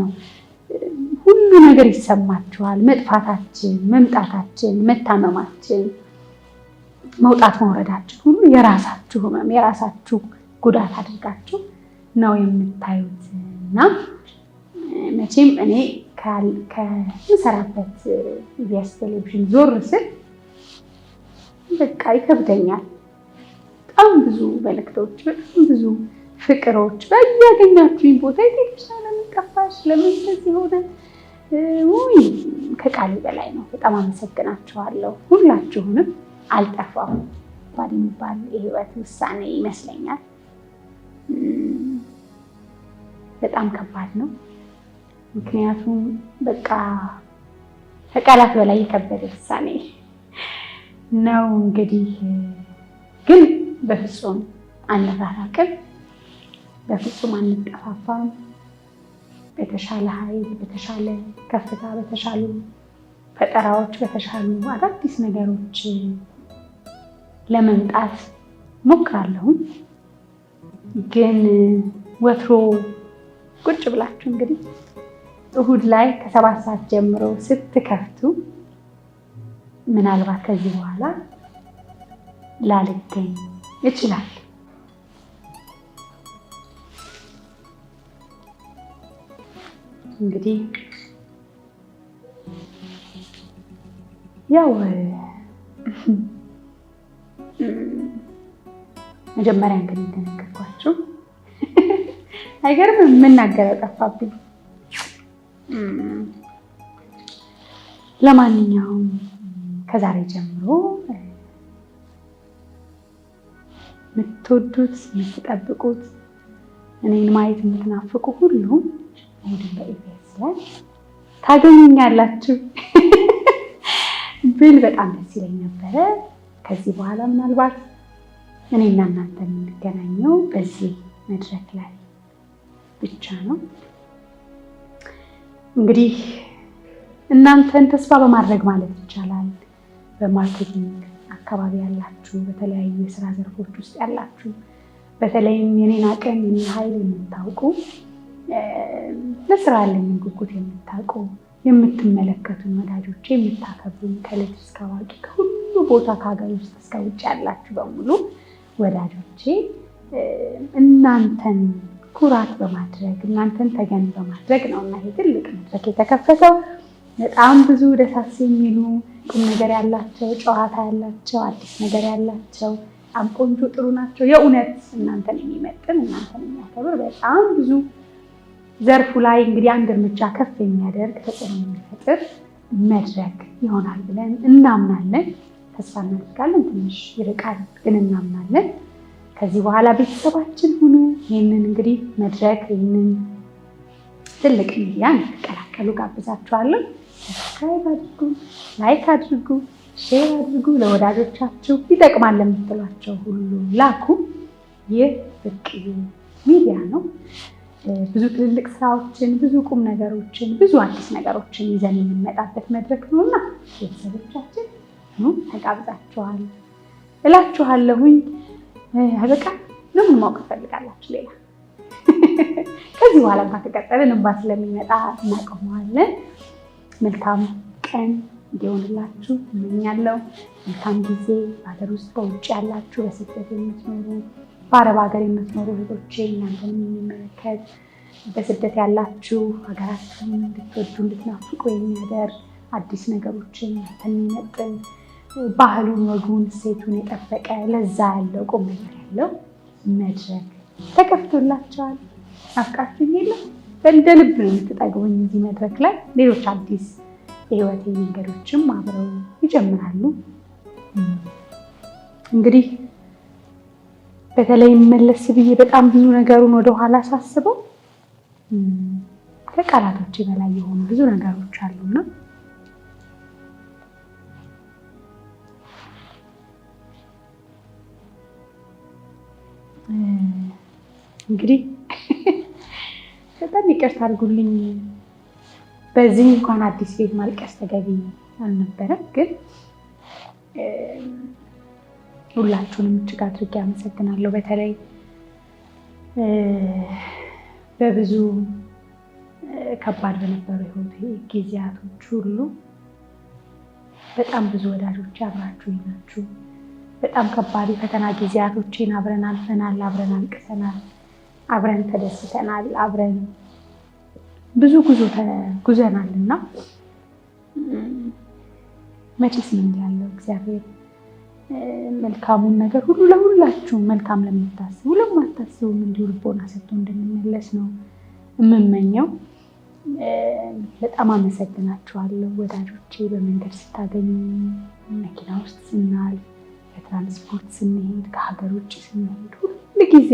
ነው። ሁሉ ነገር ይሰማችኋል። መጥፋታችን፣ መምጣታችን፣ መታመማችን፣ መውጣት መውረዳችን ሁሉ የራሳችሁ ህመም የራሳችሁ ጉዳት አድርጋችሁ ነው የምታዩት እና መቼም እኔ ከምሰራበት ኢቢኤስ ቴሌቪዥን ዞር ስል በቃ ይከብደኛል። በጣም ብዙ መልእክቶች፣ በጣም ብዙ ፍቅሮች በያገኛችሁኝ ቦታ የቴክሻ ለምን ጠፋሽ፣ ለምን እንደዚህ ሆነ? ውይ ከቃሌ በላይ ነው። በጣም አመሰግናችኋለሁ ሁላችሁንም። አልጠፋሁም ባል የሚባል የህይወት ውሳኔ ይመስለኛል። በጣም ከባድ ነው። ምክንያቱም በቃ ከቃላት በላይ የከበደ ውሳኔ ነው። እንግዲህ ግን በፍጹም አንራራቅም። በፍጹም አንጠፋፋም። በተሻለ ኃይል፣ በተሻለ ከፍታ፣ በተሻሉ ፈጠራዎች፣ በተሻሉ አዳዲስ ነገሮች ለመምጣት ሞክራለሁም። ግን ወትሮ ቁጭ ብላችሁ እንግዲህ እሁድ ላይ ከሰባት ሰዓት ጀምሮ ስትከፍቱ ምናልባት ከዚህ በኋላ ላልገኝ ይችላል። እንግዲህ ያው መጀመሪያ እንግዲህ እንደነገርኳችሁ አይገርም፣ የምናገረው ጠፋብኝ። ለማንኛውም ከዛሬ ጀምሮ የምትወዱት የምትጠብቁት እኔን ማየት የምትናፍቁ ሁሉም አይደለም ላይ ታገኙኛላችሁ ብል በጣም ደስ ይለኝ ነበረ። ከዚህ በኋላ ምናልባት እኔና እናንተ የምንገናኘው በዚህ መድረክ ላይ ብቻ ነው። እንግዲህ እናንተን ተስፋ በማድረግ ማለት ይቻላል በማርኬቲንግ አካባቢ ያላችሁ፣ በተለያዩ የስራ ዘርፎች ውስጥ ያላችሁ፣ በተለይም የኔን አቅም የኔን ኃይል የምታውቁ ለስራ ያለኝን ጉጉት የምታውቁ የምትመለከቱን ወዳጆች የምታከብሩኝ ከልጅ እስከ አዋቂ ከሁሉ ቦታ ከሀገር ውስጥ እስከ ውጭ ያላችሁ በሙሉ ወዳጆቼ እናንተን ኩራት በማድረግ እናንተን ተገን በማድረግ ነው እና ይሄ ትልቅ መድረክ የተከፈተው። በጣም ብዙ ደሳስ የሚሉ ቁም ነገር ያላቸው ጨዋታ ያላቸው አዲስ ነገር ያላቸው በጣም ቆንጆ ጥሩ ናቸው። የእውነት እናንተን የሚመጥን እናንተን የሚያከብር በጣም ብዙ ዘርፉ ላይ እንግዲህ አንድ እርምጃ ከፍ የሚያደርግ ተጽዕኖ የሚፈጥር መድረክ ይሆናል ብለን እናምናለን። ተስፋ እናደርጋለን። ትንሽ ይርቃል ግን እናምናለን። ከዚህ በኋላ ቤተሰባችን ሁኑ። ይህንን እንግዲህ መድረክ ይህንን ትልቅ ሚዲያ እንድትቀላቀሉ ጋብዛችኋለሁ። ሰብስክራይብ አድርጉ፣ ላይክ አድርጉ፣ ሼር አድርጉ። ለወዳጆቻችሁ ይጠቅማል ለምትሏቸው ሁሉ ላኩ። ይህ ብርቅዬ ሚዲያ ነው። ብዙ ትልልቅ ስራዎችን፣ ብዙ ቁም ነገሮችን፣ ብዙ አዲስ ነገሮችን ይዘን የምንመጣበት መድረክ ነው እና ቤተሰቦቻችን ተጋብዛችኋል እላችኋለሁኝ። አበቃ ምን ማወቅ ትፈልጋላችሁ ሌላ? ከዚህ በኋላ እንኳን ከቀጠልን እንባ ስለሚመጣ እናቀመዋለን። መልካም ቀን እንዲሆንላችሁ እመኛለሁ። መልካም ጊዜ በሀገር ውስጥ በውጭ ያላችሁ በስደት የምትኖሩ በአረብ ሀገር የምትኖሩ ልጆቼ እናንተን የሚመለከት በስደት ያላችሁ ሀገራችሁን እንድትወዱ እንድትናፍቁ የሚያደር አዲስ ነገሮችን የሚመጥን ባህሉን፣ ወጉን፣ ሴቱን የጠበቀ ለዛ ያለው ቁም ነገር ያለው መድረክ ተከፍቶላቸዋል። ናፍቃችሁኝ የለም እንደ ልብ ነው የምትጠግቡኝ እዚህ መድረክ ላይ። ሌሎች አዲስ የህይወቴ መንገዶችም አብረው ይጀምራሉ እንግዲህ በተለይ መለስ ብዬ በጣም ብዙ ነገሩን ወደኋላ ሳስበው ከቃላቶች በላይ የሆኑ ብዙ ነገሮች አሉና እንግዲህ በጣም ይቅርታ አድርጉልኝ። በዚህ እንኳን አዲስ ቤት ማልቀስ ተገቢ አልነበረም ግን ሁላችሁንም እጅግ አድርጌ አመሰግናለሁ። በተለይ በብዙ ከባድ በነበሩ ህይወት ጊዜያቶች ሁሉ በጣም ብዙ ወዳጆች አብራችሁ ናችሁ። በጣም ከባድ የፈተና ጊዜያቶችን አብረን አልፈናል፣ አብረን አልቅሰናል፣ አብረን ተደስተናል፣ አብረን ብዙ ጉዞ ተጉዘናል እና መቼስ ምን ያለው እግዚአብሔር መልካሙን ነገር ሁሉ ለሁላችሁም መልካም ለምታስቡ ለማታስቡም እንዲሁ ልቦና ሰጥቶ እንድንመለስ ነው የምመኘው። በጣም አመሰግናችኋለሁ ወዳጆቼ። በመንገድ ስታገኙ፣ መኪና ውስጥ ስናል፣ በትራንስፖርት ስንሄድ፣ ከሀገር ውጭ ስንሄድ ሁሉ ጊዜ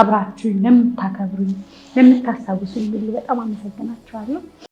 አብራችሁኝ ለምታከብሩኝ፣ ለምታስታውሱኝ ሁሉ በጣም አመሰግናችኋለሁ።